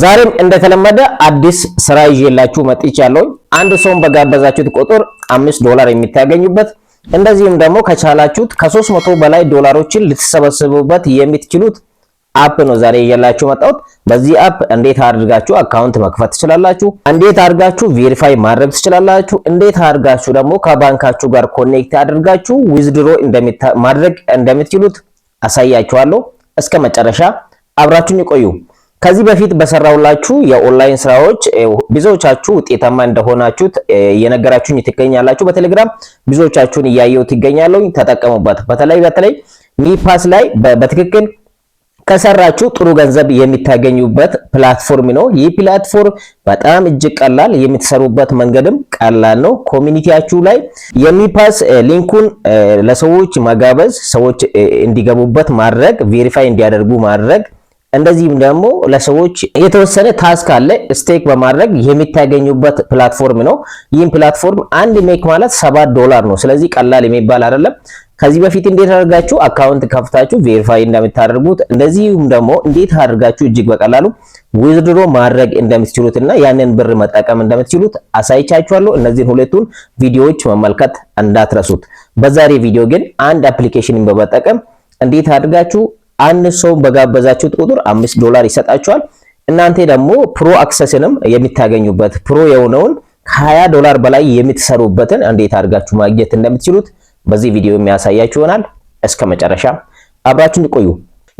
ዛሬም እንደተለመደ አዲስ ስራ ይዤላችሁ መጥቻለሁ። አንድ ሰውን በጋበዛችሁት ቁጥር አምስት ዶላር የሚታገኙበት እንደዚሁም ደግሞ ከቻላችሁት ከሶስት መቶ በላይ ዶላሮችን ልትሰበስቡበት የምትችሉት አፕ ነው ዛሬ ይዤላችሁ መጣሁት። በዚህ አፕ እንዴት አድርጋችሁ አካውንት መክፈት ትችላላችሁ፣ እንዴት አድርጋችሁ ቬሪፋይ ማድረግ ትችላላችሁ፣ እንዴት አድርጋችሁ ደግሞ ከባንካችሁ ጋር ኮኔክት አድርጋችሁ ዊዝድሮ ማድረግ እንደምትችሉት አሳያችኋለሁ። እስከ መጨረሻ አብራችሁን ይቆዩ። ከዚህ በፊት በሰራውላችሁ የኦንላይን ስራዎች ብዙዎቻችሁ ውጤታማ እንደሆናችሁ እየነገራችሁኝ ትገኛላችሁ። በቴሌግራም ብዙዎቻችሁን እያየሁት ይገኛለሁ። ተጠቀሙበት። በተለይ በተለይ ሚፓስ ላይ በትክክል ከሰራችሁ ጥሩ ገንዘብ የሚታገኙበት ፕላትፎርም ነው። ይህ ፕላትፎርም በጣም እጅግ ቀላል፣ የምትሰሩበት መንገድም ቀላል ነው። ኮሚኒቲያችሁ ላይ የሚፓስ ሊንኩን ለሰዎች መጋበዝ፣ ሰዎች እንዲገቡበት ማድረግ፣ ቬሪፋይ እንዲያደርጉ ማድረግ እንደዚህም ደግሞ ለሰዎች የተወሰነ ታስክ አለ ስቴክ በማድረግ የሚታገኙበት ፕላትፎርም ነው። ይህም ፕላትፎርም አንድ ሜክ ማለት ሰባት ዶላር ነው። ስለዚህ ቀላል የሚባል አይደለም። ከዚህ በፊት እንዴት አድርጋችሁ አካውንት ከፍታችሁ ቬሪፋይ እንደምታደርጉት እንደዚሁም ደግሞ እንዴት አድርጋችሁ እጅግ በቀላሉ ዊዝድሮ ማድረግ እንደምትችሉት እና ያንን ብር መጠቀም እንደምትችሉት አሳይቻችኋለሁ። እነዚህን ሁለቱን ቪዲዮዎች መመልከት እንዳትረሱት። በዛሬ ቪዲዮ ግን አንድ አፕሊኬሽንን በመጠቀም እንዴት አድርጋችሁ አንድ ሰውን በጋበዛችሁት ቁጥር አምስት ዶላር ይሰጣችኋል። እናንተ ደግሞ ፕሮ አክሰስንም የሚታገኙበት ፕሮ የሆነውን ከሀያ ዶላር በላይ የምትሰሩበትን እንዴት አድርጋችሁ ማግኘት እንደምትችሉት በዚህ ቪዲዮ የሚያሳያችሁ ይሆናል። እስከ መጨረሻ አብራችሁ ቆዩ።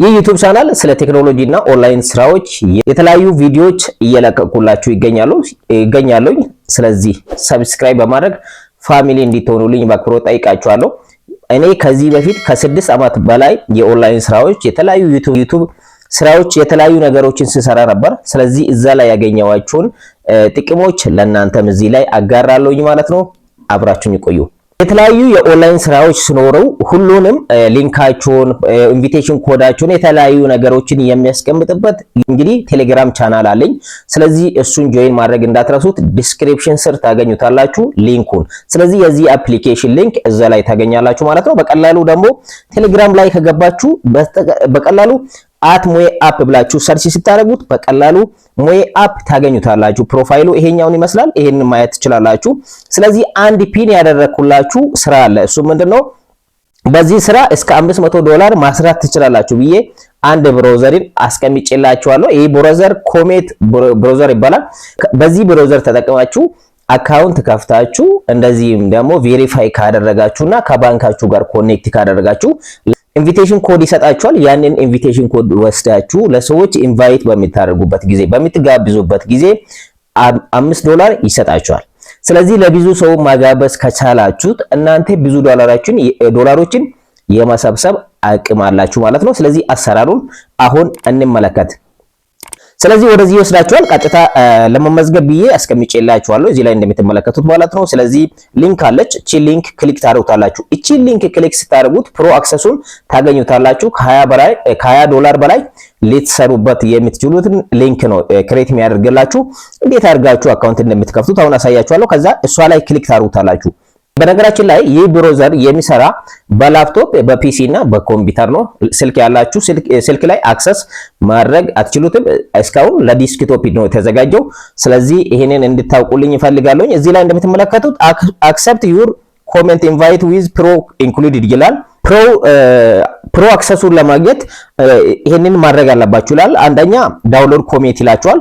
ይህ ዩቲዩብ ቻናል ስለ ቴክኖሎጂ እና ኦንላይን ስራዎች የተለያዩ ቪዲዮዎች እየለቀቁላችሁ ይገኛሉ ይገኛሉኝ። ስለዚህ ሰብስክራይብ በማድረግ ፋሚሊ እንዲትሆኑልኝ በአክብሮት ጠይቃችኋለሁ። እኔ ከዚህ በፊት ከስድስት ዓመት በላይ የኦንላይን ስራዎች የተለያዩ ዩቱብ ስራዎች የተለያዩ ነገሮችን ስሰራ ነበር። ስለዚህ እዛ ላይ ያገኘዋቸውን ጥቅሞች ለእናንተም እዚህ ላይ አጋራለሁኝ ማለት ነው። አብራችሁን ይቆዩ። የተለያዩ የኦንላይን ስራዎች ሲኖሩ ሁሉንም ሊንካቸውን ኢንቪቴሽን ኮዳቸውን የተለያዩ ነገሮችን የሚያስቀምጥበት እንግዲህ ቴሌግራም ቻናል አለኝ። ስለዚህ እሱን ጆይን ማድረግ እንዳትረሱት፣ ዲስክሪፕሽን ስር ታገኙታላችሁ ሊንኩን። ስለዚህ የዚህ አፕሊኬሽን ሊንክ እዛ ላይ ታገኛላችሁ ማለት ነው። በቀላሉ ደግሞ ቴሌግራም ላይ ከገባችሁ በቀላሉ አት ሞዬ አፕ ብላችሁ ሰርች ስታደርጉት በቀላሉ ሞዬ አፕ ታገኙታላችሁ። ፕሮፋይሉ ይሄኛውን ይመስላል። ይሄን ማየት ትችላላችሁ። ስለዚህ አንድ ፒን ያደረኩላችሁ ስራ አለ። እሱ ምንድነው? በዚህ ስራ እስከ 500 ዶላር ማስራት ትችላላችሁ ብዬ አንድ ብሮዘርን አስቀምጬላችኋለሁ። ይህ ብሮዘር ኮሜት ብሮዘር ይባላል። በዚህ ብሮዘር ተጠቅማችሁ አካውንት ከፍታችሁ እንደዚህም ደግሞ ቬሪፋይ ካደረጋችሁና ከባንካችሁ ጋር ኮኔክት ካደረጋችሁ ኢንቪቴሽን ኮድ ይሰጣችኋል። ያንን ኢንቪቴሽን ኮድ ወስዳችሁ ለሰዎች ኢንቫይት በምታደርጉበት ጊዜ በምትጋብዙበት ጊዜ አምስት ዶላር ይሰጣችኋል። ስለዚህ ለብዙ ሰው ማጋበዝ ከቻላችሁት እናንተ ብዙ ዶላሮችን ዶላሮችን የመሰብሰብ አቅም አላችሁ ማለት ነው። ስለዚህ አሰራሩን አሁን እንመለከት። ስለዚህ ወደዚህ ይወስዳችኋል። ቀጥታ ለመመዝገብ ብዬ አስቀምጬላችኋለሁ እዚህ ላይ እንደምትመለከቱት ማለት ነው። ስለዚህ ሊንክ አለች። እቺ ሊንክ ክሊክ ታደርጉታላችሁ። እቺ ሊንክ ክሊክ ስታደርጉት ፕሮ አክሰሱን ታገኙታላችሁ። ከሀያ ዶላር በላይ ልትሰሩበት የምትችሉትን ሊንክ ነው ክሬት የሚያደርግላችሁ። እንዴት አድርጋችሁ አካውንት እንደምትከፍቱት አሁን አሳያችኋለሁ። ከዛ እሷ ላይ ክሊክ ታደርጉታላችሁ። በነገራችን ላይ ይህ ብሮዘር የሚሰራ በላፕቶፕ በፒሲ እና በኮምፒውተር ነው። ስልክ ያላችሁ ስልክ ላይ አክሰስ ማድረግ አትችሉትም። እስካሁን ለዲስክቶፕ ነው የተዘጋጀው። ስለዚህ ይህንን እንድታውቁልኝ ይፈልጋለሁኝ። እዚህ ላይ እንደምትመለከቱት አክሰፕት ዩር ኮሜንት ኢንቫይት ዊዝ ፕሮ ኢንክሉድድ ይላል ፕሮ ፕሮ አክሰሱን ለማግኘት ይሄንን ማድረግ አለባችሁ ይላል። አንደኛ ዳውንሎድ ኮሜት ይላችኋል።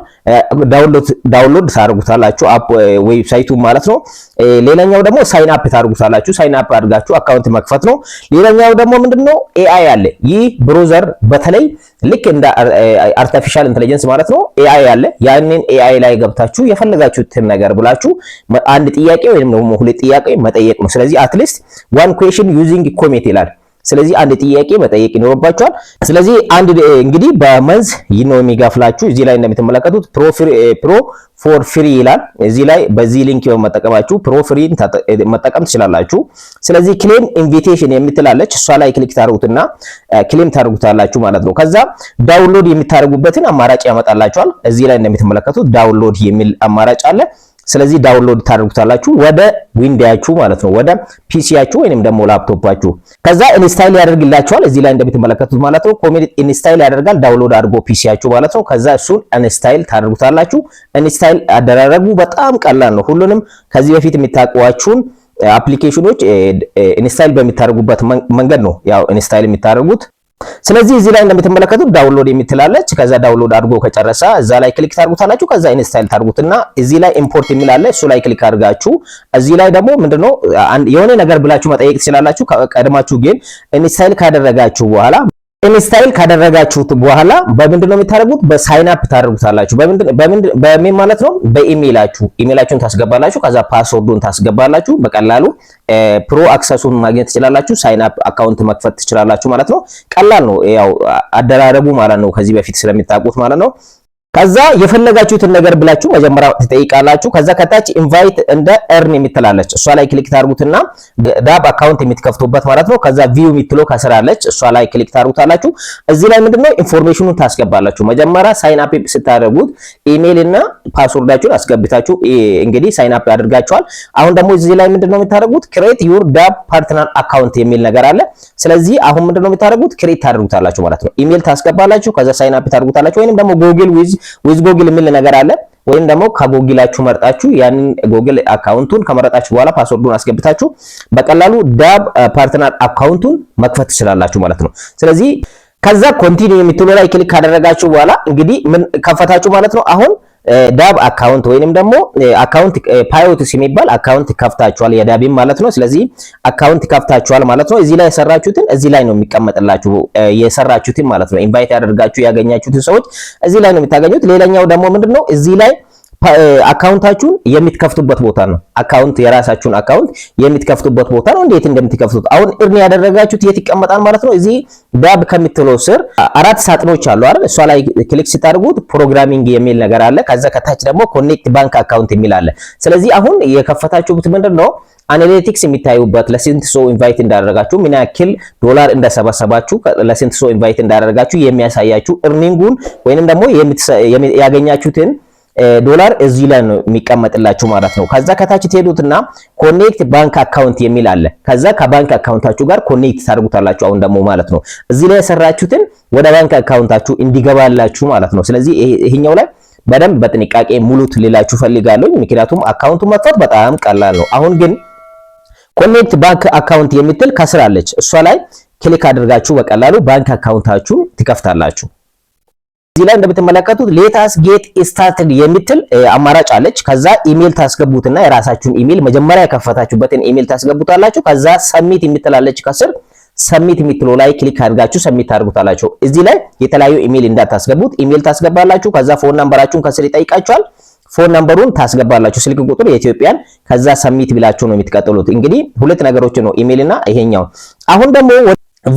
ዳውንሎድ ታደርጉታላችሁ አፕ ዌብሳይቱ ማለት ነው። ሌላኛው ደግሞ ሳይን አፕ ታደርጉታላችሁ። ሳይን አፕ አድርጋችሁ አካውንት መክፈት ነው። ሌላኛው ደግሞ ምንድነው ኤአይ አለ። ይህ ብሮዘር በተለይ ልክ እንደ አርቲፊሻል ኢንተለጀንስ ማለት ነው ኤአይ አለ። ያንን ኤአይ ላይ ገብታችሁ የፈለጋችሁትን ነገር ብላችሁ አንድ ጥያቄ ወይም ደግሞ ሁለት ጥያቄ መጠየቅ ነው። ስለዚህ አትሊስት ዋን ኩዌሽን ዩዚንግ ኮሜት ይላል። ስለዚህ አንድ ጥያቄ መጠየቅ ይኖርባቸዋል። ስለዚህ አንድ እንግዲህ በመንዝ ነው የሚጋፍላችሁ። እዚህ ላይ እንደምትመለከቱት ፕሮ ፎር ፍሪ ይላል። እዚህ ላይ በዚህ ሊንክ በመጠቀማችሁ ፕሮ ፍሪ መጠቀም ትችላላችሁ። ስለዚህ ክሌም ኢንቪቴሽን የምትላለች እሷ ላይ ክሊክ ታደርጉትና ክሌም ታደርጉታላችሁ ማለት ነው። ከዛ ዳውንሎድ የምታደርጉበትን አማራጭ ያመጣላችኋል። እዚህ ላይ እንደምትመለከቱት ዳውንሎድ የሚል አማራጭ አለ። ስለዚህ ዳውንሎድ ታደርጉታላችሁ ወደ ዊንዳያችሁ ማለት ነው፣ ወደ ፒሲያችሁ ወይንም ደግሞ ላፕቶፓችሁ። ከዛ ኢንስታይል ያደርግላችኋል እዚህ ላይ እንደምትመለከቱት ማለት ነው። ኮሜንት ኢንስታይል ያደርጋል ዳውንሎድ አድርጎ ፒሲያችሁ ማለት ነው። ከዛ እሱን ኢንስታይል ታደርጉታላችሁ። ኢንስታይል አደራረጉ በጣም ቀላል ነው። ሁሉንም ከዚህ በፊት የሚታቀዋችሁን አፕሊኬሽኖች ኢንስታይል በሚታደርጉበት መንገድ ነው ያው ኢንስታይል የሚታደርጉት። ስለዚህ እዚህ ላይ እንደምትመለከቱት ዳውንሎድ የምትላለች። ከዛ ዳውንሎድ አድርጎ ከጨረሰ እዛ ላይ ክሊክ ታርጉታላችሁ። ከዛ ኢንስታይል ታርጉትና እዚህ ላይ ኢምፖርት የሚላለ እሱ ላይ ክሊክ አድርጋችሁ እዚህ ላይ ደግሞ ምንድነው የሆነ ነገር ብላችሁ መጠየቅ ትችላላችሁ። ቀድማችሁ ግን ኢንስታይል ካደረጋችሁ በኋላ ኢንስታይል ካደረጋችሁት በኋላ በምንድን ነው የምታደርጉት? በሳይን አፕ ታደርጉታላችሁ። በምን ማለት ነው? በኢሜይላችሁ ኢሜይላችሁን ታስገባላችሁ። ከዛ ፓስወርዱን ታስገባላችሁ። በቀላሉ ፕሮ አክሰሱን ማግኘት ትችላላችሁ። ሳይን አፕ አካውንት መክፈት ትችላላችሁ ማለት ነው። ቀላል ነው፣ ያው አደራረቡ ማለት ነው። ከዚህ በፊት ስለሚታውቁት ማለት ነው። ከዛ የፈለጋችሁትን ነገር ብላችሁ መጀመሪያ ትጠይቃላችሁ። ከዛ ከታች ኢንቫይት እንደ ኤርን የምትላለች እሷ ላይ ክሊክ ታርጉትና ዳብ አካውንት የምትከፍቱበት ማለት ነው። ከዛ ቪው የምትለው ከስራለች እሷ ላይ ክሊክ ታርጉታላችሁ። እዚህ ላይ ምንድነው ኢንፎርሜሽኑን ታስገባላችሁ። መጀመሪያ ሳይን አፕ ስታደርጉት ኢሜይል እና ፓስወርዳችሁን አስገብታችሁ እንግዲህ ሳይን አፕ አድርጋችኋል። አሁን ደግሞ እዚህ ላይ ምንድነው የምታደርጉት ክሬት ዩር ዳብ ፓርትነር አካውንት የሚል ነገር አለ። ስለዚህ አሁን ምንድነው የምታደርጉት ክሬት ታደርጉታላችሁ ማለት ነው። ኢሜይል ታስገባላችሁ። ከዛ ሳይን አፕ ታደርጉታላችሁ ወይንም ደግሞ ጎግል ዊዝ ዊዝ ጎግል የሚል ነገር አለ። ወይም ደግሞ ከጎግላችሁ መርጣችሁ ያንን ጎግል አካውንቱን ከመረጣችሁ በኋላ ፓስወርዱን አስገብታችሁ በቀላሉ ዳብ ፓርትነር አካውንቱን መክፈት ትችላላችሁ ማለት ነው። ስለዚህ ከዛ ኮንቲኒው የምትሉ ላይ ክሊክ ካደረጋችሁ በኋላ እንግዲህ ምን ከፈታችሁ ማለት ነው አሁን ዳብ አካውንት ወይንም ደግሞ አካውንት ፓዮቲስ የሚባል አካውንት ከፍታችኋል፣ የዳብም ማለት ነው። ስለዚህ አካውንት ከፍታችኋል ማለት ነው። እዚህ ላይ የሰራችሁትን እዚህ ላይ ነው የሚቀመጥላችሁ የሰራችሁትን ማለት ነው። ኢንቫይት ያደርጋችሁ ያገኛችሁትን ሰዎች እዚህ ላይ ነው የምታገኙት። ሌላኛው ደግሞ ምንድነው እዚህ ላይ አካውንታችሁን የምትከፍቱበት ቦታ ነው። አካውንት የራሳችሁን አካውንት የምትከፍቱበት ቦታ ነው። እንዴት እንደምትከፍቱት አሁን እርን ያደረጋችሁት የት ይቀመጣል ማለት ነው? እዚህ ዳብ ከምትለው ስር አራት ሳጥኖች አሉ አይደል? እሷ ላይ ክሊክ ስታደርጉት ፕሮግራሚንግ የሚል ነገር አለ። ከዛ ከታች ደግሞ ኮኔክት ባንክ አካውንት የሚል አለ። ስለዚህ አሁን የከፈታችሁት ምንድን ነው አናሊቲክስ የሚታዩበት ለስንት ሰው ኢንቫይት እንዳደረጋችሁ ምን ያክል ዶላር እንደሰበሰባችሁ ለስንት ሰው ኢንቫይት እንዳደረጋችሁ የሚያሳያችሁ እርኒንጉን ወይንም ደግሞ ያገኛችሁትን ዶላር እዚህ ላይ ነው የሚቀመጥላችሁ ማለት ነው። ከዛ ከታች ትሄዱትና ኮኔክት ባንክ አካውንት የሚል አለ። ከዛ ከባንክ አካውንታችሁ ጋር ኮኔክት ታደርጉታላችሁ። አሁን ደግሞ ማለት ነው እዚህ ላይ የሰራችሁትን ወደ ባንክ አካውንታችሁ እንዲገባላችሁ ማለት ነው። ስለዚህ ይሄኛው ላይ በደንብ በጥንቃቄ ሙሉት ልላችሁ ፈልጋለሁ። ምክንያቱም አካውንቱ መጥፋት በጣም ቀላል ነው። አሁን ግን ኮኔክት ባንክ አካውንት የምትል ከስራለች። እሷ ላይ ክሊክ አድርጋችሁ በቀላሉ ባንክ አካውንታችሁ ትከፍታላችሁ። እዚህ ላይ እንደምትመለከቱት ሌታስ ጌት ስታርትድ የሚትል አማራጭ አለች። ከዛ ኢሜል ታስገቡትና የራሳችሁን ኢሜል መጀመሪያ የከፈታችሁበትን ኢሜል ታስገቡታላችሁ። ከዛ ሰሚት የምትላለች ከስር ሰሚት የሚትሎ ላይ ክሊክ አድርጋችሁ ሰሚት አድርጉታላችሁ። እዚህ ላይ የተለያዩ ኢሜል እንዳታስገቡት ኢሜል ታስገባላችሁ። ከዛ ፎን ናምበራችሁን ከስር ይጠይቃችኋል። ፎን ናምበሩን ታስገባላችሁ፣ ስልክ ቁጥር የኢትዮጵያን። ከዛ ሰሚት ብላችሁ ነው የምትቀጥሉት። እንግዲህ ሁለት ነገሮች ነው ኢሜል እና ይሄኛው። አሁን ደግሞ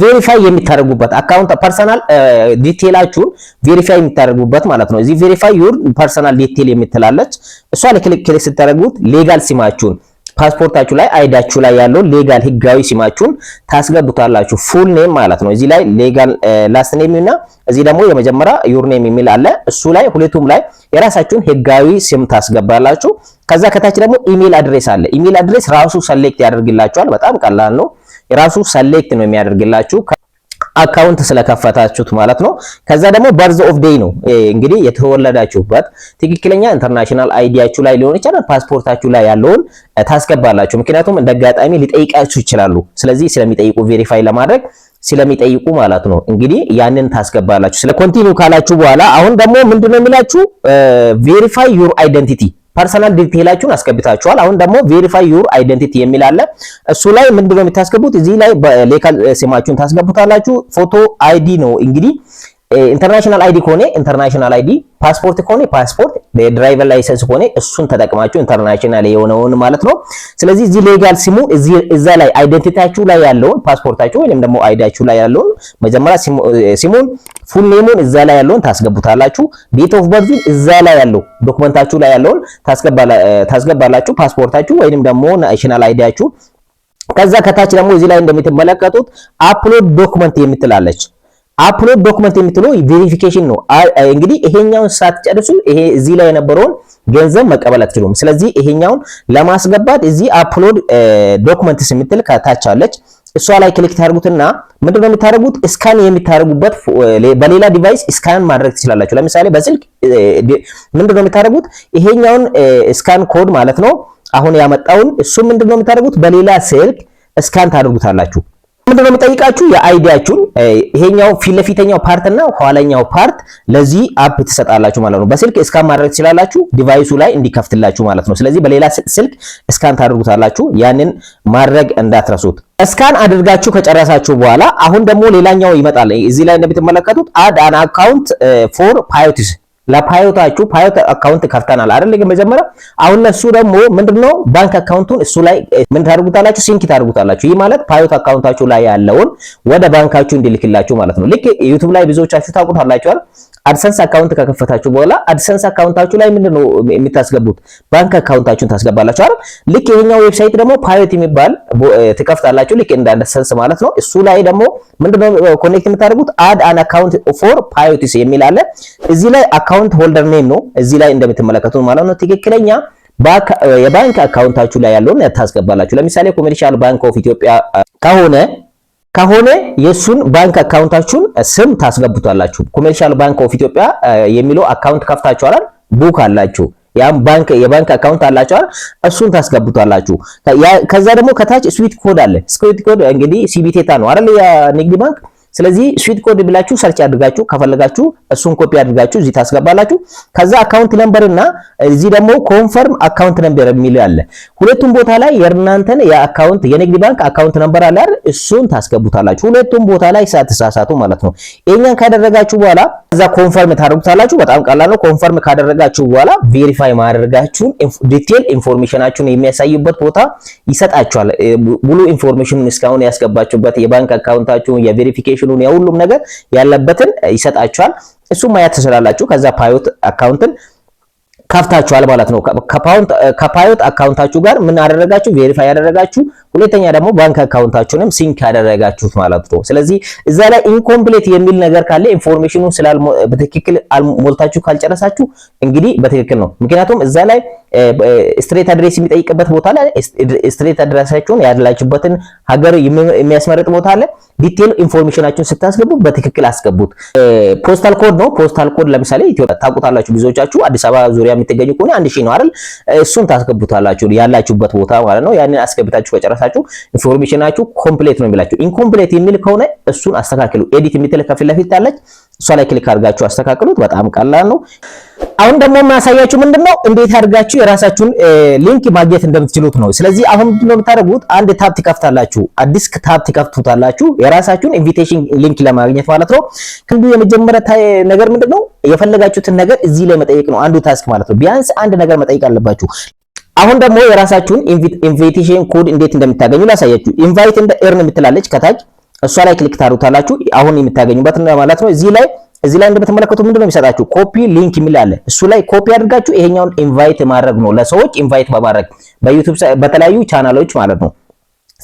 ቬሪፋይ የሚታደርጉበት አካውንት ፐርሰናል ዲቴላችሁን ቬሪፋይ የሚታደርጉበት ማለት ነው። እዚህ ቬሪፋይ ዩር ፐርሰናል ዲቴል የምትላለች እሷ ለክሊክ ክሊክ ስታደርጉት ሌጋል ሲማችሁን ፓስፖርታችሁ ላይ አይዳችሁ ላይ ያለው ሌጋል ህጋዊ ስማችሁን ታስገብታላችሁ ፉል ኔም ማለት ነው። እዚህ ላይ ሌጋል ላስት ኔም እና እዚህ ደግሞ የመጀመሪያ ዩር ኔም የሚል አለ። እሱ ላይ ሁለቱም ላይ የራሳችሁን ህጋዊ ስም ታስገባላችሁ። ከዛ ከታች ደግሞ ኢሜል አድሬስ አለ። ኢሜል አድሬስ ራሱ ሰሌክት ያደርግላችኋል። በጣም ቀላል ነው። ራሱ ሰሌክት ነው የሚያደርግላችሁ። አካውንት ስለከፈታችሁት ማለት ነው። ከዛ ደግሞ በርዝ ኦፍ ዴይ ነው እንግዲህ የተወለዳችሁበት ትክክለኛ ኢንተርናሽናል አይዲያችሁ ላይ ሊሆን ይችላል፣ ፓስፖርታችሁ ላይ ያለውን ታስገባላችሁ። ምክንያቱም እንደ አጋጣሚ ሊጠይቃችሁ ይችላሉ። ስለዚህ ስለሚጠይቁ ቬሪፋይ ለማድረግ ስለሚጠይቁ ማለት ነው እንግዲህ ያንን ታስገባላችሁ። ስለ ኮንቲኒው ካላችሁ በኋላ አሁን ደግሞ ምንድነው የሚላችሁ ቬሪፋይ ዩር አይደንቲቲ ፐርሰናል ዲቴላችሁን አስገብታችኋል። አሁን ደግሞ ቬሪፋይ ዩር አይደንቲቲ የሚል አለ። እሱ ላይ ምንድነው የምታስገቡት? እዚህ ላይ ሌካል ስማችሁን ታስገቡታላችሁ። ፎቶ አይዲ ነው እንግዲህ ኢንተርናሽናል አይዲ ከሆነ ኢንተርናሽናል አይዲ፣ ፓስፖርት ከሆነ ፓስፖርት፣ የድራይቨር ላይሰንስ ሆነ እሱን ተጠቅማችሁ ኢንተርናሽናል የሆነውን ማለት ነው። ስለዚህ እዚህ ሌጋል ሲሙ እዛ ላይ አይደንቲታችሁ ላይ ያለውን ፓስፖርታችሁ ወይም ደግሞ አይዲያችሁ ላይ ያለውን መጀመሪያ ሲሙን ፉል ኔሙን እዛ ላይ ያለውን ታስገቡታላችሁ። ዴት ኦፍ በርዝ እዛ ላይ ያለው ዶክመንታችሁ ላይ ያለውን ታስገባላችሁ። ፓስፖርታችሁ ወይም ደግሞ ናሽናል አይዲያችሁ። ከዛ ከታች ደግሞ እዚህ ላይ እንደምትመለከቱት አፕሎድ ዶክመንት የምትላለች አፕሎድ ዶክመንት የምትለው ቬሪፊኬሽን ነው። እንግዲህ ይሄኛውን ሳትጨርሱ ይሄ እዚህ ላይ የነበረውን ገንዘብ መቀበል አትችሉም። ስለዚህ ይሄኛውን ለማስገባት እዚህ አፕሎድ ዶክመንትስ የምትል ከታች አለች። እሷ ላይ ክሊክ ታደርጉትና ምንድነው የምታደርጉት ስካን የሚታደርጉበት በሌላ ዲቫይስ ስካን ማድረግ ትችላላችሁ። ለምሳሌ በስልክ ምንድነው የምታደርጉት ይሄኛውን ስካን ኮድ ማለት ነው አሁን ያመጣውን እሱ ምንድነው የምታደርጉት በሌላ ስልክ ስካን ታደርጉታላችሁ። ምንድን ነው የምጠይቃችሁ? የአይዲያችሁን ይሄኛው ፊት ለፊተኛው ፓርት እና ኋላኛው ፓርት ለዚህ አፕ ትሰጣላችሁ ማለት ነው። በስልክ እስካን ማድረግ ትችላላችሁ፣ ዲቫይሱ ላይ እንዲከፍትላችሁ ማለት ነው። ስለዚህ በሌላ ስልክ እስካን ታደርጉታላችሁ። ያንን ማድረግ እንዳትረሱት። እስካን አድርጋችሁ ከጨረሳችሁ በኋላ አሁን ደግሞ ሌላኛው ይመጣል። እዚህ ላይ እንደምትመለከቱት አድ አን አካውንት ፎር ፓዮቲስ ለፓዮታችሁ ፓዮት አካውንት ከፍተናል አይደል? መጀመሪያ አሁን ለሱ ደግሞ ምንድነው ባንክ አካውንቱን እሱ ላይ ምን ታደርጉታላችሁ? ሲንክ ታደርጉታላችሁ። ይህ ማለት ፓዮት አካውንታችሁ ላይ ያለውን ወደ ባንካችሁ እንዲልክላችሁ ማለት ነው። ልክ ዩቲዩብ ላይ ብዙዎቻችሁ ታውቁታላችሁ አይደል? አድሰንስ አካውንት ከከፈታችሁ በኋላ አድሰንስ አካውንታችሁ ላይ ምንድነው ነው የምታስገቡት? ባንክ አካውንታችሁን ታስገባላችሁ አይደል? ልክ ይሄኛው ዌብሳይት ደግሞ ፓዮት የሚባል ትከፍታላችሁ። ልክ እንደ አድሰንስ ማለት ነው። እሱ ላይ ደግሞ ምንድነው ኮኔክት የምታደርጉት አድ አን አካውንት ፎር ፓዮቲስ የሚል አለ። እዚህ ላይ አካውንት ሆልደር ኔም ነው እዚህ ላይ እንደምትመለከቱት ማለት ነው ትክክለኛ የባንክ አካውንታችሁ ላይ ያለውን ታስገባላችሁ። ለምሳሌ ኮሜርሻል ባንክ ኦፍ ኢትዮጵያ ከሆነ ከሆነ የሱን ባንክ አካውንታችሁን ስም ታስገቡታላችሁ። ኮሜርሻል ባንክ ኦፍ ኢትዮጵያ የሚለው አካውንት ከፍታችኋል፣ ቡክ አላችሁ፣ ያም ባንክ የባንክ አካውንት አላችኋል፣ እሱን ታስገቡታላችሁ። ከዛ ደግሞ ከታች ስዊት ኮድ አለ። ስዊት ኮድ እንግዲህ ሲቢቴታ ነው አይደል? የንግድ ባንክ ስለዚህ ስዊት ኮድ ብላችሁ ሰርች አድርጋችሁ ከፈለጋችሁ እሱን ኮፒ አድርጋችሁ እዚህ ታስገባላችሁ። ከዛ አካውንት ነምበር እና እዚህ ደግሞ ኮንፈርም አካውንት ነምበር የሚል አለ። ሁለቱም ቦታ ላይ የእናንተን የአካውንት የንግድ ባንክ አካውንት ነምበር አለ አይደል? እሱን ታስገቡታላችሁ። ሁለቱም ቦታ ላይ ሳትሳሳቱ ማለት ነው። ይሄኛን ካደረጋችሁ በኋላ ከዛ ኮንፈርም ታደርጉታላችሁ። በጣም ቀላል ነው። ኮንፈርም ካደረጋችሁ በኋላ ቬሪፋይ ማድረጋችሁን ዲቴል ኢንፎርሜሽናችሁን የሚያሳዩበት ቦታ ይሰጣችኋል። ሙሉ ኢንፎርሜሽኑን እስካሁን ያስገባችሁበት የባንክ አካውንታችሁን የቬሪፊኬሽን ምኑን የሁሉም ነገር ያለበትን ይሰጣችኋል። እሱ ማየት ትችላላችሁ። ከዛ ፓዮት አካውንትን ከፍታችኋል ማለት ነው። ከፓዮት አካውንታችሁ ጋር ምን አደረጋችሁ? ቬሪፋይ ያደረጋችሁ፣ ሁለተኛ ደግሞ ባንክ አካውንታችሁንም ሲንክ ያደረጋችሁት ማለት ነው። ስለዚህ እዛ ላይ ኢንኮምፕሌት የሚል ነገር ካለ ኢንፎርሜሽኑን በትክክል ሞልታችሁ ካልጨረሳችሁ እንግዲህ በትክክል ነው። ምክንያቱም እዛ ላይ ስትሬት አድሬስ የሚጠይቅበት ቦታ አለ። ስትሬት አድራሻችሁን ያላችሁበትን ሀገር የሚያስመርጥ ቦታ አለ። ዲቴል ኢንፎርሜሽናችሁን ስታስገቡ በትክክል አስገቡት። ፖስታል ኮድ ነው። ፖስታል ኮድ ለምሳሌ ኢትዮጵያ ታውቁታላችሁ ብዙዎቻችሁ። አዲስ አበባ ዙሪያ የሚገኙ ከሆነ አንድ ሺህ ነው አይደል? እሱን ታስገቡታላችሁ ያላችሁበት ቦታ ማለት ነው። ያንን አስገብታችሁ ከጨረሳችሁ ኢንፎርሜሽናችሁ ኮምፕሌት ነው የሚላችሁ። ኢንኮምፕሌት የሚል ከሆነ እሱን አስተካክሉ። ኤዲት የምትል ከፊት ለፊት አለች እሷ ላይ ክሊክ አድርጋችሁ አስተካክሉት። በጣም ቀላል ነው። አሁን ደግሞ የማሳያችሁ ምንድነው እንዴት አድርጋችሁ የራሳችሁን ሊንክ ማግኘት እንደምትችሉት ነው። ስለዚህ አሁን ምንድነው የምታደርጉት? አንድ ታብ ትከፍታላችሁ፣ አዲስ ታብ ትከፍቱታላችሁ፣ የራሳችሁን ኢንቪቴሽን ሊንክ ለማግኘት ማለት ነው። ክንዱ የመጀመሪያ ነገር ምንድነው የፈለጋችሁትን ነገር እዚህ ላይ መጠየቅ ነው፣ አንዱ ታስክ ማለት ነው። ቢያንስ አንድ ነገር መጠየቅ አለባችሁ። አሁን ደግሞ የራሳችሁን ኢንቪቴሽን ኮድ እንዴት እንደምታገኙ ላሳያችሁ። ኢንቫይት እንደ ኤርን የምትላለች ከታች እሷ ላይ ክሊክ ታሩታላችሁ አሁን የምታገኙበት ማለት ነው። እዚህ ላይ እዚህ ላይ እንደምትመለከቱ ምንድነው የሚሰጣችሁ ኮፒ ሊንክ የሚል አለ። እሱ ላይ ኮፒ አድርጋችሁ ይሄኛውን ኢንቫይት ማድረግ ነው ለሰዎች ኢንቫይት በማድረግ በዩቲዩብ በተለያዩ ቻናሎች ማለት ነው።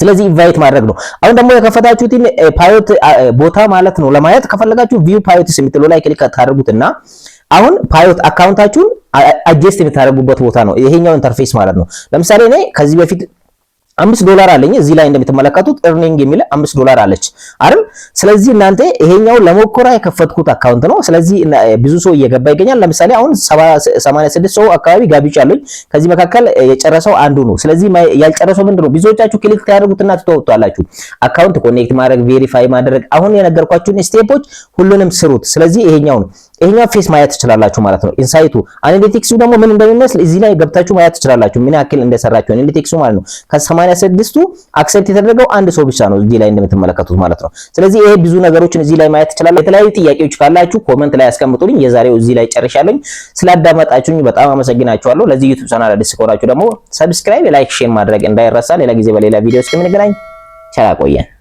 ስለዚህ ኢንቫይት ማድረግ ነው። አሁን ደግሞ የከፈታችሁትን ፓዮት ቦታ ማለት ነው ለማየት ከፈለጋችሁ ቪው ፓዮትስ የምትለው ላይ ክሊክ ታደርጉትና አሁን ፓዮት አካውንታችሁን አጀስት የምታደርጉበት ቦታ ነው ይሄኛው ኢንተርፌስ ማለት ነው። ለምሳሌ እኔ ከዚህ በፊት አምስት ዶላር አለኝ እዚህ ላይ እንደምትመለከቱት ኤርኒንግ የሚል አምስት ዶላር አለች አይደል? ስለዚህ እናንተ ይሄኛው ለሞኮራ የከፈትኩት አካውንት ነው። ስለዚህ ብዙ ሰው እየገባ ይገኛል። ለምሳሌ አሁን 86 ሰው አካባቢ ጋብቻ አለኝ። ከዚህ መካከል የጨረሰው አንዱ ነው። ስለዚህ ያልጨረሰው ምንድነው ብዙዎቻችሁ ክሊክ ታደርጉትና ትተውታላችሁ። አካውንት ኮኔክት ማድረግ፣ ቬሪፋይ ማድረግ፣ አሁን የነገርኳችሁን ስቴፖች ሁሉንም ስሩት። ስለዚህ ይሄኛው ነው። ይሄኛው ፌስ ማየት ትችላላችሁ ማለት ነው። ኢንሳይቱ አናሊቲክሱ ደግሞ ምን እንደሚመስል እዚህ ላይ ገብታችሁ ማየት ትችላላችሁ፣ ምን ያክል እንደሰራችሁ አናሊቲክሱ ማለት ነው። ከ86ቱ አክሰፕት የተደረገው አንድ ሰው ብቻ ነው እዚህ ላይ እንደምትመለከቱት ማለት ነው። ስለዚህ ይሄ ብዙ ነገሮችን እዚህ ላይ ማየት ትችላላችሁ። የተለያዩ ጥያቄዎች ካላችሁ ኮመንት ላይ አስቀምጡልኝ። የዛሬው እዚህ ላይ ጨርሻለኝ። ስላዳመጣችሁኝ በጣም አመሰግናችኋለሁ። ለዚህ ዩቲዩብ ቻናል አዲስ ከሆናችሁ ደግሞ ሰብስክራይብ፣ ላይክ፣ ሼር ማድረግ እንዳይረሳ። ሌላ ጊዜ በሌላ ቪዲዮ እስከምንገናኝ ቸር ቆየን።